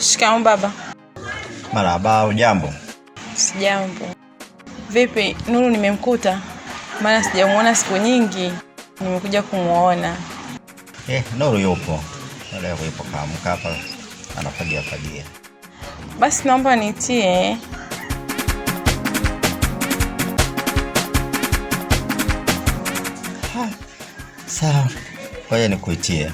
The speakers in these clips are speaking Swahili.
Shikamoo baba. Marahaba, hujambo? Sijambo. Vipi Nuru, nimemkuta? Maana sijamuona siku nyingi, nimekuja kumuona. Eh, Nuru yupo. Leo yupo kaamka hapa anafagia fagia. Basi naomba nitie ah, sawa. Kwa hiyo nikuitie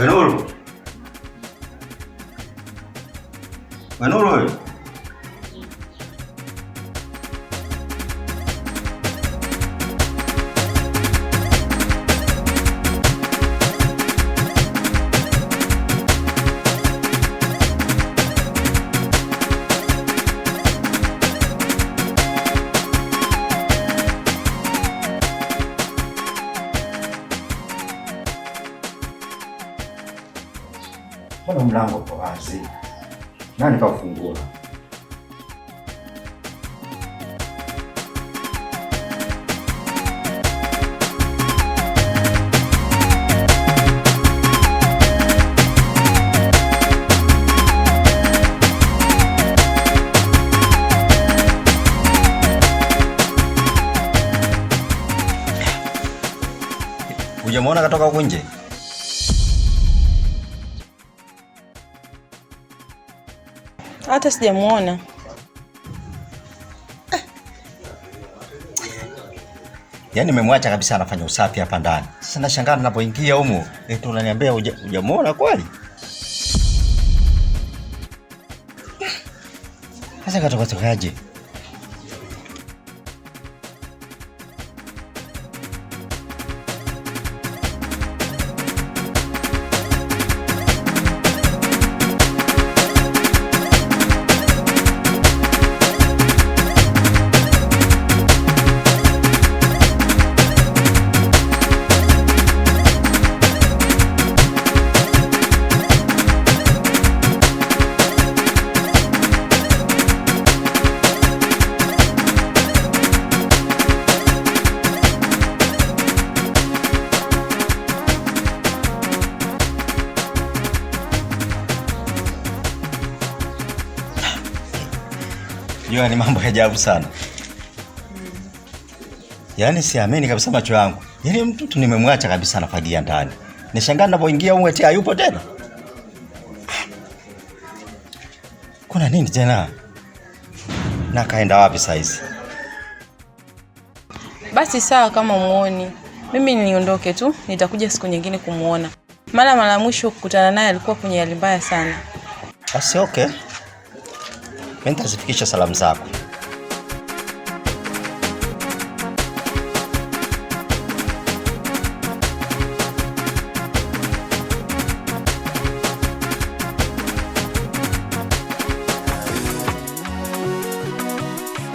ભેણોળ ભેણોળ હોય Ungemwona katoka huko nje? Hata sijamwona. Yaani umemwacha kabisa anafanya usafi hapa ndani. Sasa nashangaa ninapoingia humu, eti eh, unaniambia hujamwona kweli? Sasa katoka tokaje? ni yaani, mambo ya ajabu sana. Yaani siamini kabisa macho yangu. Yaani mtu nimemwacha kabisa nafagia ndani. Nishangaa ninapoingia huko eti hayupo tena. Kuna nini tena? Na kaenda wapi saa hizi? Basi sawa, kama muoni mimi niondoke tu, nitakuja siku nyingine kumuona. Mara mara mwisho kukutana naye alikuwa kwenye hali mbaya sana. Basi okay mimi nitazifikisha salamu zako.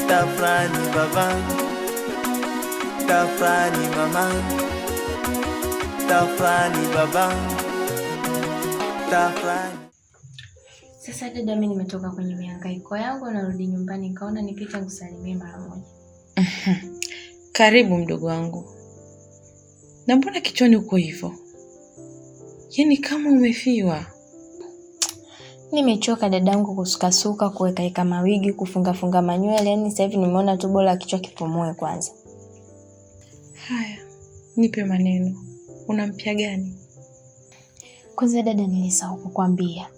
Tafrani baba, tafrani mama, tafrani baba, tafrani sasa dada, mimi nimetoka kwenye mihangaiko yangu, narudi nyumbani, nikaona nipite nikusalimie mara moja. Karibu mdogo wangu. Na mbona kichwani uko hivyo? Yaani kama umefiwa. Nimechoka dadangu, kusukasuka, kuwekaeka mawigi, kufungafunga manywele. Yaani sasa hivi nimeona tu bora kichwa kipumue kwanza. Haya, nipe maneno. Una gani? Kwanza dada, nilisahau kukwambia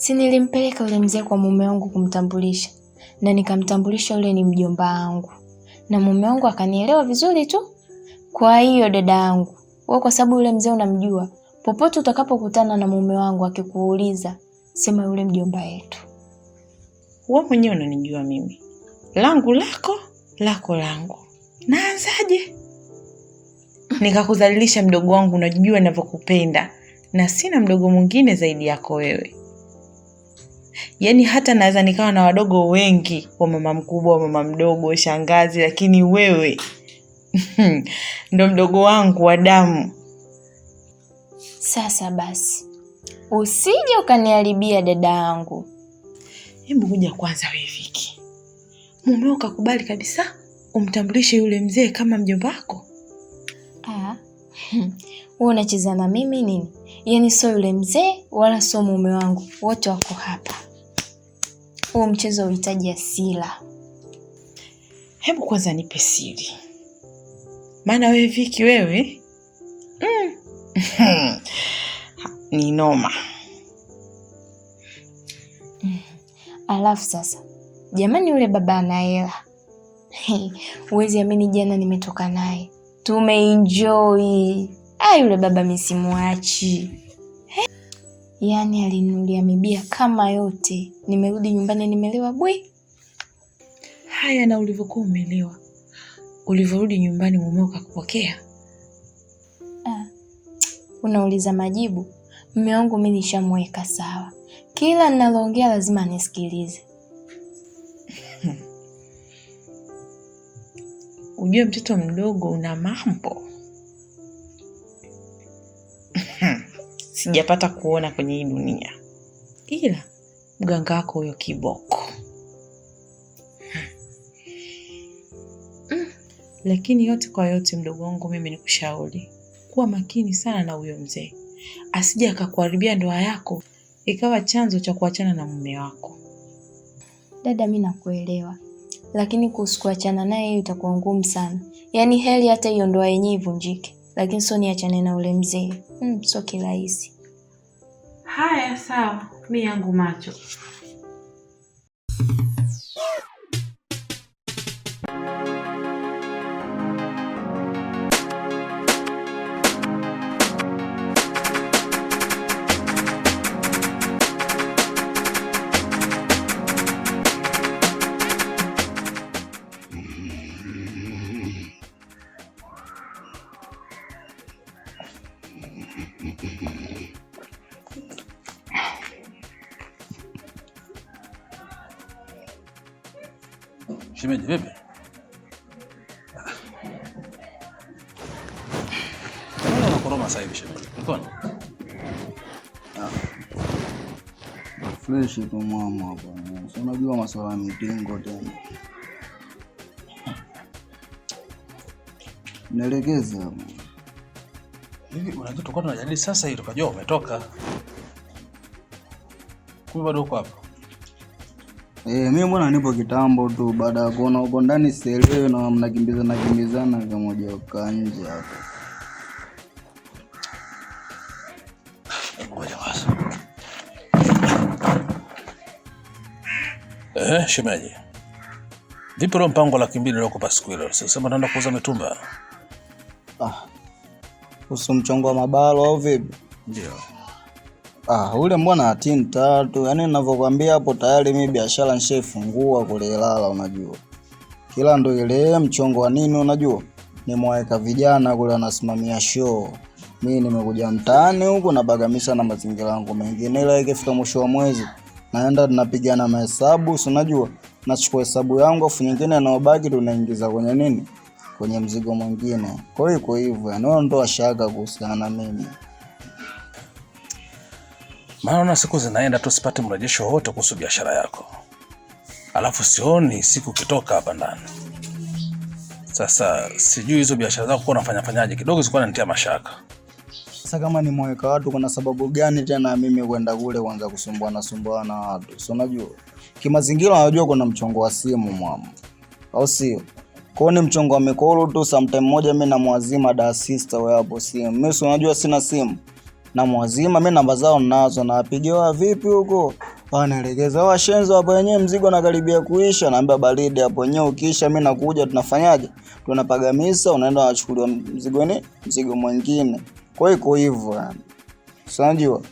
si nilimpeleka yule mzee kwa mume wangu kumtambulisha, na nikamtambulisha yule ni mjomba wangu, na mume wangu akanielewa vizuri tu. Kwa hiyo dada yangu wewe, kwa sababu yule mzee unamjua, popote utakapokutana na mume wangu akikuuliza, sema yule mjomba yetu. Wewe mwenyewe unanijua mimi, langu lako, lako langu. Naanzaje nikakudhalilisha mdogo wangu? Unajua ninavyokupenda na sina mdogo mwingine zaidi yako wewe yani hata naweza nikawa na wadogo wengi wa mama mkubwa wa mama mdogo shangazi lakini wewe ndo mdogo wangu wa damu sasa basi usije ukaniharibia dada yangu hebu kuja kwanza we Viki mumeo ukakubali kabisa umtambulishe yule mzee kama mjomba wako wewe unacheza na mimi nini? Yaani sio yule mzee wala sio mume wangu, wote wako hapa. Huu mchezo uhitaji asila. Hebu kwanza nipe siri, maana wewe Viki wewe mm. ni noma Alafu sasa jamani, yule baba ana hela huwezi amini, jana nimetoka naye tumeenjoy. Ah, yule baba misimuachi yaani alinulia mibia kama yote. Nimerudi nyumbani nimelewa bwi. Haya, na ulivyokuwa umelewa, ulivyorudi nyumbani mumeo kakupokea? Ah, unauliza majibu. Mume wangu mimi nishamweka sawa, kila ninaloongea lazima anisikilize. Ujue mtoto mdogo una mambo sijapata kuona kwenye hii dunia, ila mganga wako huyo kiboko hmm. Lakini yote kwa yote, mdogo wangu, mimi nikushauri kuwa makini sana na huyo mzee, asije akakuharibia ndoa yako ikawa chanzo cha kuachana na mume wako. Dada, mi nakuelewa, lakini kuhusu kuachana naye hiyo itakuwa ngumu sana, yaani heli hata hiyo ndoa yenyewe ivunjike lakini Soni, achane na ule mzee, mm, sio kirahisi. Haya, sawa, mi yangu macho Mchoshe tu mama bwana, si unajua masuala ya mitingo tena. Naelekeza hivi, unajua tulikuwa tunajadili sasa hii, tukajua umetoka, kumbe bado uko hapa. Eh, mimi mbona nipo kitambo tu, baada ya kuona uko ndani sielewi, na mnakimbizana kimbizana kama moja uka hapo Eh, shemeji, vipi leo mpango wa laki mbili uliokupa siku hilo? Sasa naenda kuuza mitumba. Ah, usu mchongo wa mabalo au vipi? Ndio. Ah, ule mbona ati tatu, yaani ninavyokuambia hapo tayari mimi biashara nishafungua kule Ilala, unajua kila ndo ile mchongo wa nini, unajua nimewaweka vijana kule wanasimamia show mimi nimekuja mtaani huku bagamisa na mazingira yangu mengine, ila ikifika mwisho wa mwezi naenda napigana mahesabu, si unajua, nachukua hesabu yangu afu nyingine inayobaki tunaingiza kwenye nini, kwenye mzigo mwingine. Kwa hiyo iko hivyo, yani ndo washaka kuhusiana na mimi maana siku zinaenda tu sipate mrejesho wowote kuhusu biashara yako, alafu sioni siku kitoka hapa ndani. Sasa sijui hizo biashara zako kuwa unafanya fanyaje, kidogo zilikuwa nanitia mashaka. Sasa kama nimeweka watu, kuna sababu gani tena mimi kwenda kule kuanza kusumbuana sumbuana na watu? Si unajua kimazingira, unajua kuna mchongo wa simu mwamu, au sio? Kwa ni mchongo wa mikoro tu. Sometime moja mimi namwazima da sister wewe hapo simu. Mimi si unajua sina simu, namwazima mimi, namba zao ninazo, na nawapigia vipi huko wa oh, shenzo hapo, yenyewe mzigo nakaribia kuisha, naambia baridi hapo yenyewe ukisha mimi nakuja, tunafanyaje? Tunapagamisa, unaenda unachukuliwa mzigo ni mzigo mwingine. Kwa hiyo iko hivyo yani. Unajua?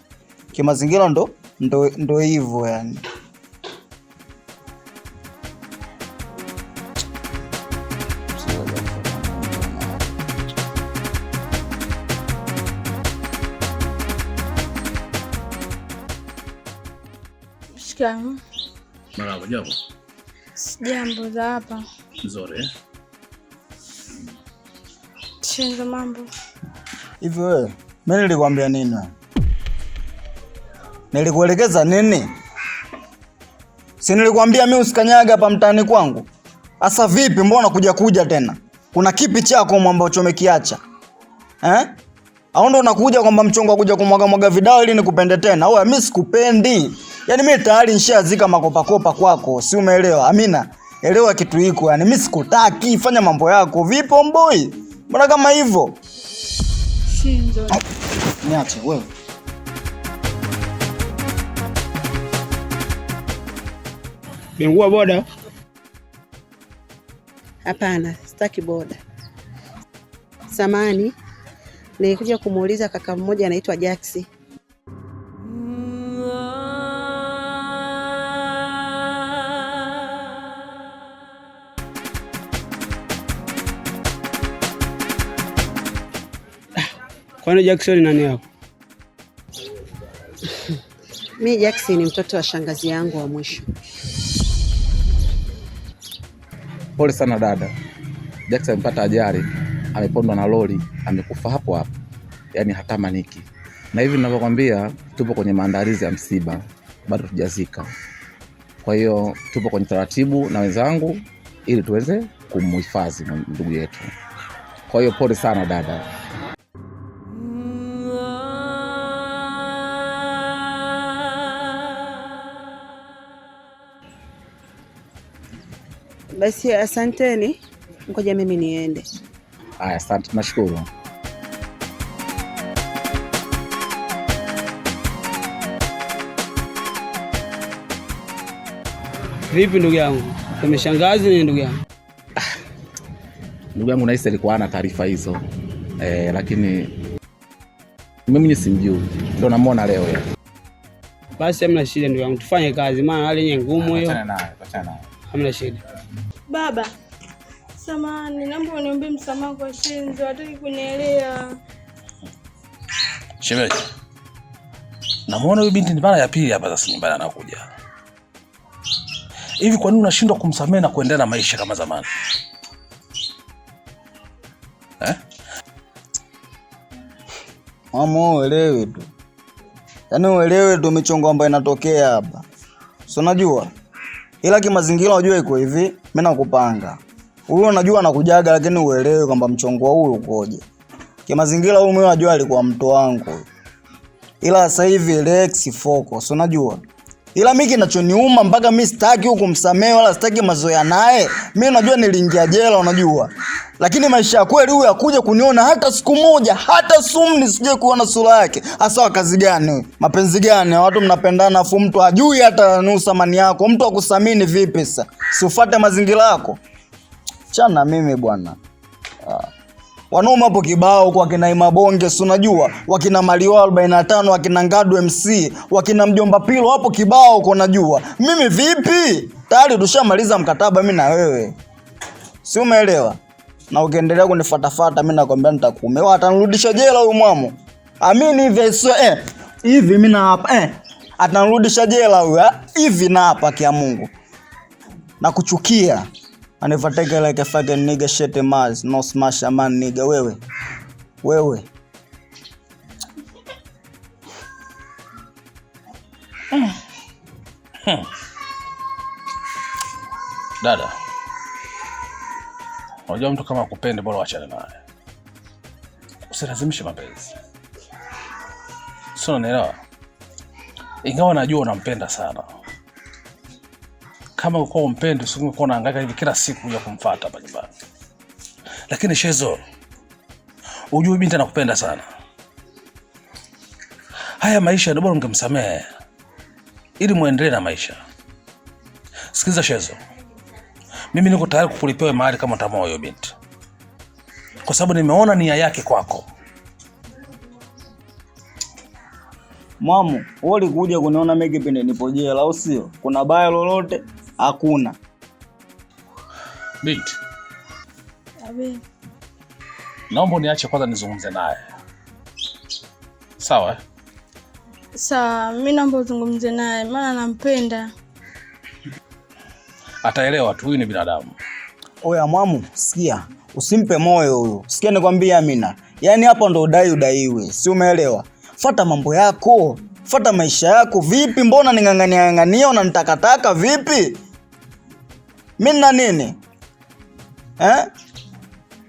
Kimazingira ndo ndo ndo hivyo yani. Marahaba, jambo. Sijambo za hapa. Nzuri eh? Chenzo, mambo Hivi wewe, mimi nilikwambia nini? Nilikuelekeza nini? Si nilikwambia mimi usikanyaga hapa mtaani kwangu? Asa vipi, mbona kuja kuja tena? Kuna kipi chako mwamba umekiacha Eh? Au ndo unakuja kwamba mchongo kuja kumwaga mwaga vidao ili nikupende tena? Wewe mimi sikupendi. Yaani mimi tayari nishazika makopa kopa kwako, si umeelewa? Amina. Elewa kitu hiko, yani mimi sikutaki, fanya mambo yako. Vipo mboi? Mbona kama hivyo? Niache wewe. boda? Hapana, sitaki boda. Samani, nilikuja kumuuliza kaka mmoja anaitwa Jackson Nani Jackson nani yako? Mimi Jackson ni mtoto wa shangazi yangu wa mwisho. Pole sana dada. Jackson amepata ajali, amepondwa na lori, amekufa hapo hapo, yaani hata maniki. Na hivi ninavyokwambia, tupo kwenye maandalizi ya msiba, bado tujazika. Kwa hiyo tupo kwenye taratibu na wenzangu, ili tuweze kumhifadhi ndugu yetu. Kwa hiyo pole sana dada. Basi asanteni, ngoja mimi niende. Haya, asante, nashukuru. Vipi ndugu yangu, umeshangazi nini ndugu yangu? Ndugu yangu nahisi alikuwa ana taarifa hizo e, lakini mimi simjui, ndio namwona leo. Basi hamna shida ndugu yangu, tufanye kazi, maana hali yenyewe ngumu hiyo. Achana achana Hamna shida. Baba, samahani, naomba uniombe msamaha kwa Shenzi, hataki kunielewa. Shemeji, namuona huyu binti ni mara ya pili hapa sasa nyumbani anakuja. Hivi kwa nini unashindwa kumsamehe na kuendelea na maisha kama zamani? Eh? Mama, uelewe tu. Yaani uelewe tu michongo ambayo inatokea hapa. Si unajua? Ila kimazingira unajua iko hivi, mimi nakupanga. najua unajua anakujaga lakini uelewe kwamba mchongo wa huyu ukoje. Kimazingira huyu mimi unajua alikuwa mtu wangu. Ila sasa hivi relax focus, unajua? Ila mi kinachoniuma mpaka mi sitaki hukumsamehe wala sitaki mazoea naye. mi najua niliingia jela unajua lakini maisha ya kweli huyu akuja kuniona hata siku moja, hata sumni sije kuona sura yake. Hasa wakazi gani? Mapenzi gani? Watu mnapendana afu mtu hajui hata nusu thamani yako, mtu akusamini vipi? Sasa si ufuate mazingira yako. Chana mimi bwana. Ah. Wanaume hapo kibao kwa kina Imabonge, si unajua wakina Mario 45 wakina Ngadu MC wakina mjomba Pilo hapo kibao kwa, najua mimi vipi, tayari tushamaliza mkataba mimi na wewe, si umeelewa? na ukiendelea kunifuatafuata mimi nakwambia Wewe atanirudisha jela huyu mwamo. Amini hivi eh, hivi mimi na hapa eh, atanirudisha jela huyu ah, hivi na hapa kia Mungu. Nakuchukia. kuchukia never like a fucking nigga shit in mars. No smash a man nigga. Wewe. Wewe. Hmm. Hmm. Dada. Unajua mtu kama akupende, bora wachane naye, usilazimishe mapenzi. Sio, unanielewa? Ingawa najua unampenda sana, kama uko umpendi, usingekuwa unahangaika hivi kila siku ya kumfuata hapa nyumbani. Lakini Shezo, ujue binti anakupenda sana. Haya maisha ndio bora ungemsamehe ili muendelee na maisha. Sikiza Shezo mimi niko tayari kukulipia mahari kama tamaa hiyo binti, kwa sababu nimeona nia yake kwako. Mwamu, wewe ulikuja kuniona mimi kipindi nipo jela, au sio? Kuna baya lolote? Hakuna binti. Abi, naomba niache kwanza nizungumze naye, sawa? Eh? Sawa, mimi naomba uzungumze naye, maana nampenda ataelewa tu, huyu ni binadamu. Oya mwamu, sikia, usimpe moyo huyu. Sikia nikwambia, Amina, yaani hapa ndo udai udaiwe, si umeelewa? Fata mambo yako, fata maisha yako. Vipi, mbona ning'ang'ania ng'ang'ania, nitakataka vipi? Mimi na nini eh?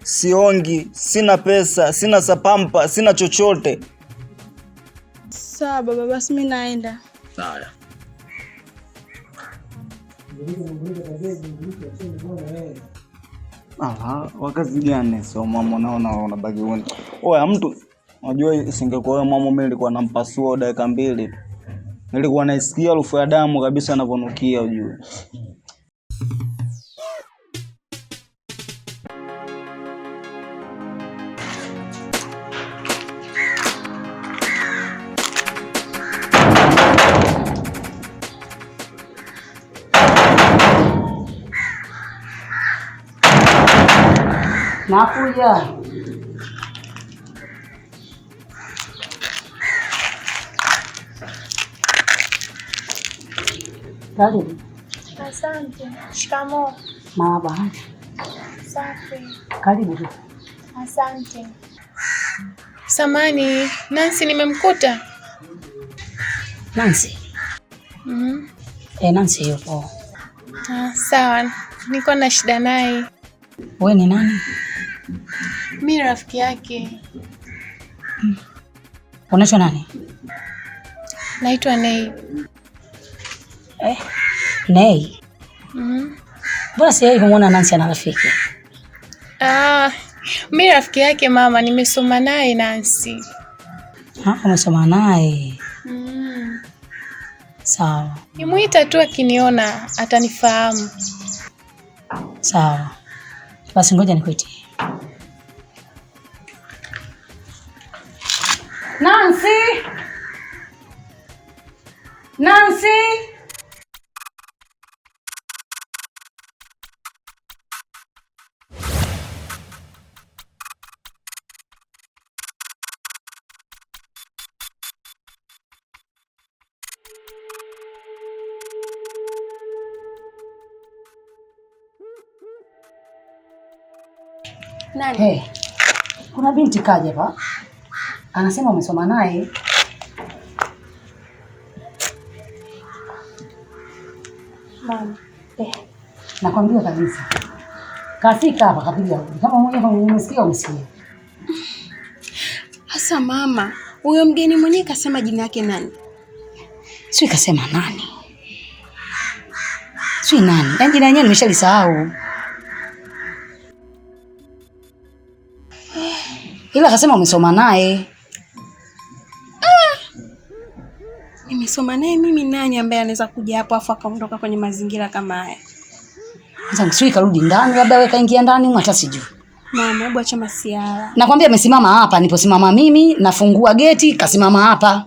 Siongi, sina pesa, sina sapampa, sina chochote. Sawa baba, basi mimi naenda. Haya wakazi gani? Sio mama, naona unabaki wewe. Oya mtu, unajua isingekuwa wewe mama, mimi nilikuwa nampasua dakika mbili tu, nilikuwa naisikia harufu ya damu kabisa anavonukia, ujue Nakuja. Karibu. Asante. Shikamoo. Marahaba. Safi. Karibu. Asante. Samani, Nancy nimemkuta. Nancy. Mm. Eh, Nancy yupo. Ah, sawa. Niko na shida naye. Wewe ni nani? mimi rafiki yake. Unaitwa nani? Naitwa Nei. Eh, Nei. Mhm. Bora sijawahi kumuona Nancy ana rafiki. Ah, mimi rafiki yake mama, nimesoma naye Nancy. Ah, umesoma naye. Mm. Sawa. Nimuita tu akiniona atanifahamu. Sawa. Basi ngoja nikuitie. nani? Hey, kuna binti kaja hapa anasema umesoma naye. Eh, nakwambia kabisa kafika hapa kapiga kama mmoja. Umesikia? Umesikia hasa mama, huyo mgeni mwenyewe kasema jina yake nani? Sio kasema nani? Sio nani? Yaani jina yenyewe nimeshalisahau. ila akasema umesoma naye. Ah! Nimesoma naye mimi, nani ambaye anaweza kuja hapo afu akaondoka kwenye mazingira kama haya? Sijui karudi ndani, labda wewe kaingia ndani, hata sijui. Mama, hebu acha masiara. Nakwambia amesimama hapa, niposimama mimi, nafungua geti, kasimama hapa.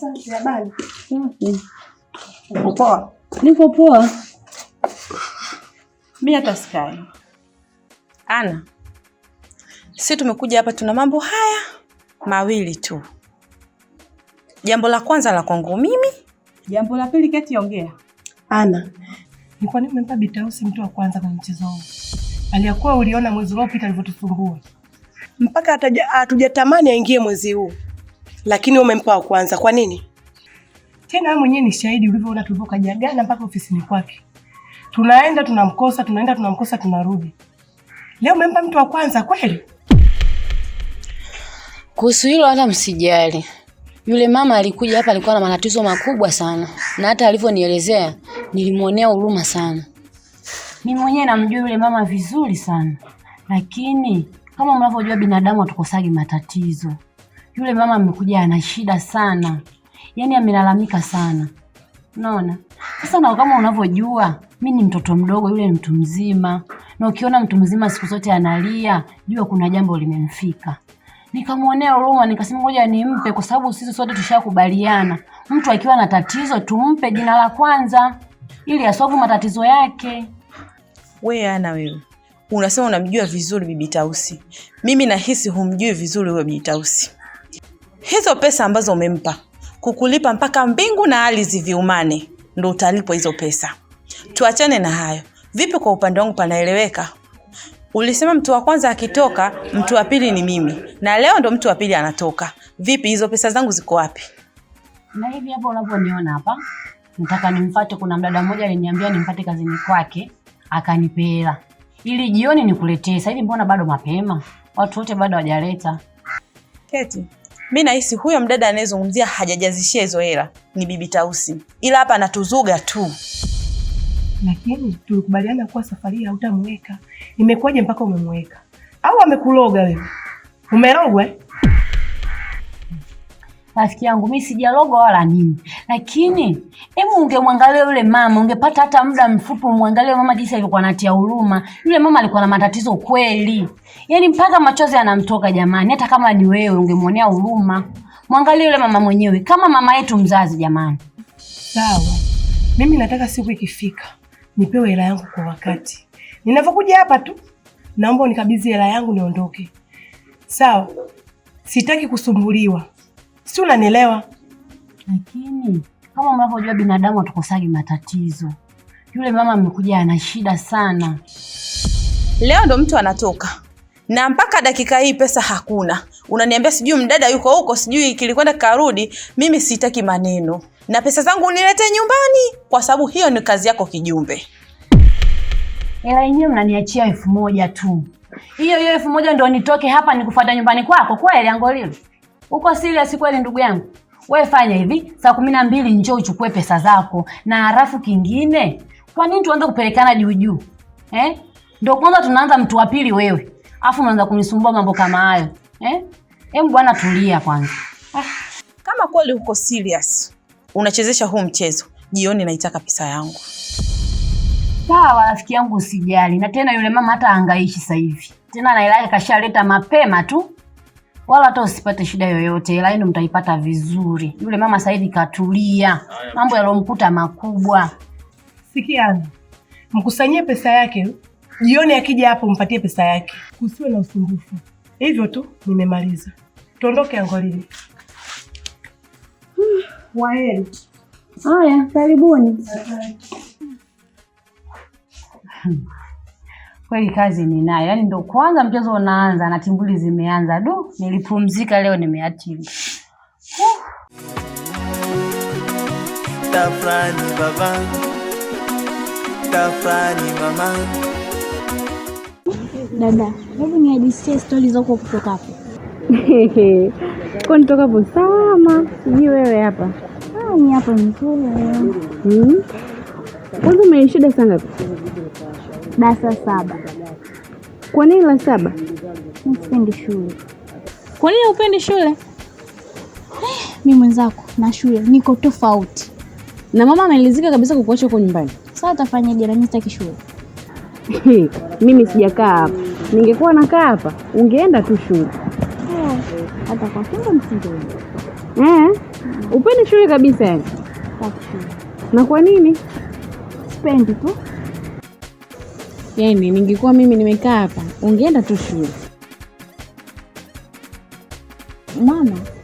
Asante. Habari? Mm. Uko poa? Niko poa. Mimi hata sikai. Ana, sisi tumekuja hapa, tuna mambo haya mawili tu. Jambo la kwanza la kwangu mimi, jambo la pili. Keti, ongea. Ana, ni kwa nini umempa Bitausi mtu wa kwanza kwa mchezo huu? Aliyakuwa uliona mwezi uliopita alivyotusumbua mpaka hatujatamani aingie mwezi huu lakini umempa wa kwanza. Kwa nini? Tena wewe mwenyewe ni shahidi ulivyoona tulivyokajagana mpaka ofisini kwake. Tunaenda tunamkosa, tunaenda tunamkosa, tunarudi. Leo umempa mtu wa kwanza kweli? Kuhusu hilo hata msijali. Yule mama alikuja hapa alikuwa na matatizo makubwa sana, na hata alivyonielezea nilimwonea huruma sana. Mimi mwenyewe namjua yule mama vizuri sana, lakini kama mnavyojua binadamu atukosagi matatizo. Yule mama amekuja ana shida sana, yaani amelalamika sana, unaona. Sasa na kama unavyojua mi ni mtoto mdogo, yule ni mtu mzima, na ukiona mtu mzima siku zote analia, jua kuna jambo limemfika. Nikamwonea huruma, nikasema ngoja nimpe, kwa sababu sisi sote tushakubaliana, mtu akiwa na tatizo tumpe jina la kwanza ili asovu matatizo yake. We ana wewe unasema unamjua vizuri Bibi Tausi, mimi nahisi humjui vizuri huyo Bibi Tausi hizo pesa ambazo umempa kukulipa mpaka mbingu na hali ziviumane, ndo utalipwa hizo pesa. Tuachane na hayo. Vipi kwa upande wangu, panaeleweka? Ulisema mtu wa kwanza akitoka, mtu wa pili ni mimi, na leo ndo mtu wa pili anatoka. Vipi, hizo pesa zangu ziko wapi? Na hivi hapo unavyoniona hapa, nataka nimfuate. Kuna mdada mmoja aliniambia nimfuate kazini kwake, akanipa ili jioni nikuletee. Sasa hivi mbona bado mapema? Watu wote bado hawajaleta. Keti mi nahisi huyo mdada anayezungumzia hajajazishia hizo hela ni Bibi Tausi, ila hapa anatuzuga tu. Lakini tulikubaliana kuwa safari hii hautamweka. Imekuwaje mpaka umemweka? Au amekuloga wewe? Umerogwa? Eh? rafiki yangu, mi sijaloga wala nini, lakini hebu ungemwangalia yule mama, ungepata hata muda mfupi umwangalie mama jinsi alivyokuwa anatia huruma. Yule mama alikuwa na matatizo kweli, yaani mpaka machozi yanamtoka jamani. Hata kama ni wewe ungemwonea huruma, mwangalie yule mama mwenyewe, kama mama yetu mzazi jamani. Sawa, mimi nataka siku ikifika nipewe hela yangu kwa wakati. Ninavyokuja hapa tu, naomba unikabidhi hela yangu niondoke. Sawa, sitaki kusumbuliwa si unanielewa? Lakini kama unavyojua binadamu hatukosagi matatizo. Yule mama amekuja ana shida sana. Leo ndo mtu anatoka na mpaka dakika hii pesa hakuna. Unaniambia sijui mdada yuko huko, sijui kilikwenda karudi. Mimi sitaki maneno, na pesa zangu unilete nyumbani, kwa sababu hiyo ni kazi yako kijumbe. Hela yenyewe mnaniachia elfu moja tu, hiyo hiyo elfu moja nitoke hapa nikufuata nyumbani kwako? Kweli Angolio. Uko serious kweli ndugu yangu? Wewe fanya hivi, saa kumi na mbili njoo uchukue pesa zako. Na halafu kingine, kwa nini tuanze kupelekana juu juu eh? Ndio kwanza tunaanza mtu wa pili wewe, afu unaanza kunisumbua mambo kama hayo eh? Em bwana, tulia kwanza. Ah, kama kweli uko serious unachezesha huu mchezo, jioni naitaka pesa yangu. Sawa rafiki yangu, usijali. Na tena yule mama hata angaishi sasa hivi tena, nailaka kashaleta mapema tu wala hata usipate shida yoyote, ila yenu mtaipata vizuri. Yule mama sasa hivi katulia, mambo yalomkuta makubwa. Sikia, mkusanyie pesa yake, jioni akija hapo mpatie pesa yake, kusiwe na usumbufu. Hivyo tu, nimemaliza, tuondoke angolini. Waheri. Haya, karibuni. Kweli kazi ninayo, yaani ndo kwanza mchezo unaanza na timbuli zimeanza. Du, nilipumzika leo, nimeachilia tafrani baba tafrani mama. Dada, hebu niadisie stori zako kutoka hapo kwani toka hapo sama, sijui wewe hapa ah, ni hapo mzuri. Hmm? Kwanza umeshida sana darasa saba. Kwa nini la saba? Sipendi shule. Kwa nini upendi shule? Mi mwenzako na shule niko tofauti na mama. Amelizika kabisa kukuacha huko nyumbani. Sasa utafanyaje? Nami sitaki shule. Mimi sijakaa hapa, ningekuwa nakaa hapa ungeenda tu shule. Oh, hata kwa funga msingi Eh, upendi shule kabisa yani? Na kwa nini? Sipendi tu. Yaani ningekuwa mimi nimekaa hapa, ungeenda tu shule mama.